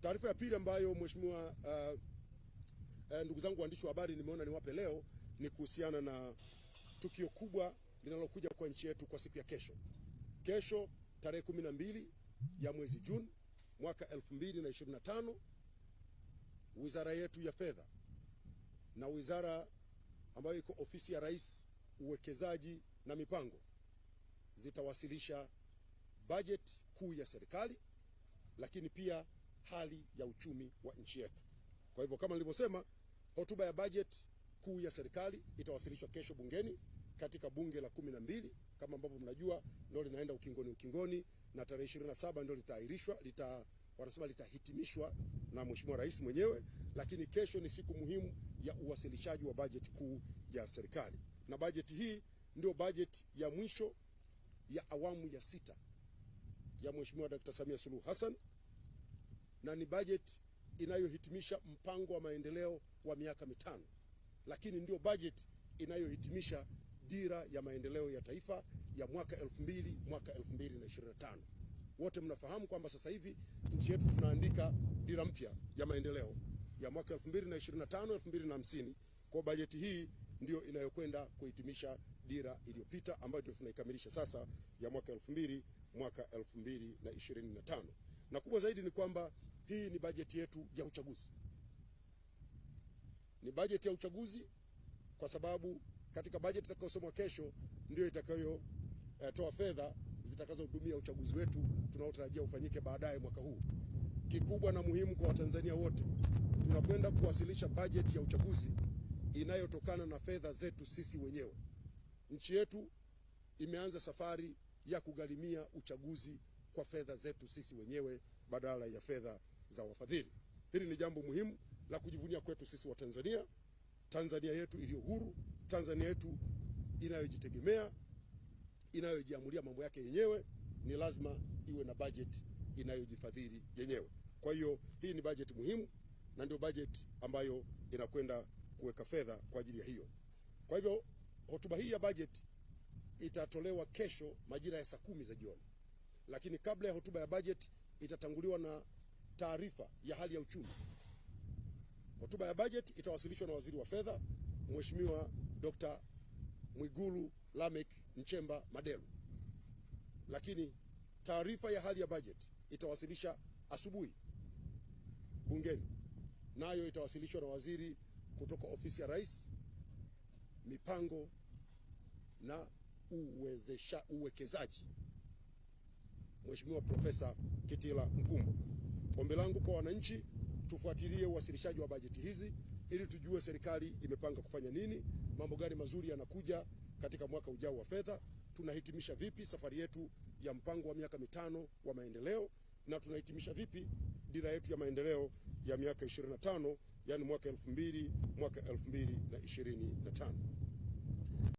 Taarifa ya pili ambayo mheshimiwa uh, uh, ndugu zangu waandishi wa habari, nimeona niwape leo ni kuhusiana na tukio kubwa linalokuja kwa nchi yetu kwa siku ya kesho. Kesho tarehe kumi na mbili ya mwezi Juni mwaka elfu mbili na ishirini na tano wizara yetu ya fedha na wizara ambayo iko ofisi ya Rais, uwekezaji na mipango zitawasilisha bajeti kuu ya serikali, lakini pia hali ya uchumi wa nchi yetu. Kwa hivyo kama nilivyosema, hotuba ya bajeti kuu ya serikali itawasilishwa kesho bungeni katika bunge la kumi na mbili kama ambavyo mnajua, ndio linaenda ukingoni ukingoni, na tarehe ishirini na saba ndio litaahirishwa lita, wanasema litahitimishwa na Mheshimiwa Rais mwenyewe, lakini kesho ni siku muhimu ya uwasilishaji wa bajeti kuu ya serikali, na bajeti hii ndio bajeti ya mwisho ya awamu ya sita ya Mheshimiwa Dkt. Samia Suluhu Hassan na ni bajeti inayohitimisha mpango wa maendeleo wa miaka mitano, lakini ndio bajeti inayohitimisha dira ya maendeleo ya taifa ya mwaka 2000 mwaka 2025. Wote mnafahamu kwamba sasa hivi nchi yetu tunaandika dira mpya ya maendeleo ya mwaka 2025 2050. Kwa bajeti hii ndio inayokwenda kuhitimisha dira iliyopita ambayo ndio tunaikamilisha sasa ya mwaka 2000 mwaka 2025 na kubwa zaidi ni kwamba hii ni bajeti yetu ya uchaguzi, ni bajeti ya uchaguzi kwa sababu katika bajeti itakayosomwa kesho ndio itakayotoa eh, fedha zitakazohudumia uchaguzi wetu tunaotarajia ufanyike baadaye mwaka huu. Kikubwa na muhimu kwa Watanzania wote, tunakwenda kuwasilisha bajeti ya uchaguzi inayotokana na fedha zetu sisi wenyewe. Nchi yetu imeanza safari ya kugharimia uchaguzi kwa fedha zetu sisi wenyewe badala ya fedha za wafadhili. Hili ni jambo muhimu la kujivunia kwetu sisi Watanzania, Tanzania yetu iliyo huru, Tanzania yetu inayojitegemea, inayojiamulia mambo yake yenyewe. Ni lazima iwe na bajeti inayojifadhili yenyewe. Kwa hiyo hii ni bajeti muhimu na ndio bajeti ambayo inakwenda kuweka fedha kwa ajili ya hiyo. Kwa hivyo hotuba hii ya bajeti itatolewa kesho majira ya saa kumi za jioni lakini kabla ya hotuba ya budget itatanguliwa na taarifa ya hali ya uchumi. Hotuba ya budget itawasilishwa na waziri wa fedha Mheshimiwa Dr. Mwigulu Lamek Nchemba Madelu, lakini taarifa ya hali ya budget itawasilisha asubuhi bungeni, nayo itawasilishwa na waziri kutoka ofisi ya Rais, mipango na uwezesha uwekezaji. Mheshimiwa Profesa Kitila Mkumbo. Ombi langu kwa wananchi, tufuatilie uwasilishaji wa bajeti hizi ili tujue serikali imepanga kufanya nini, mambo gani mazuri yanakuja katika mwaka ujao wa fedha, tunahitimisha vipi safari yetu ya mpango wa miaka mitano wa maendeleo, na tunahitimisha vipi dira yetu ya maendeleo ya miaka 25 yani mwaka 2000 mwaka 2025.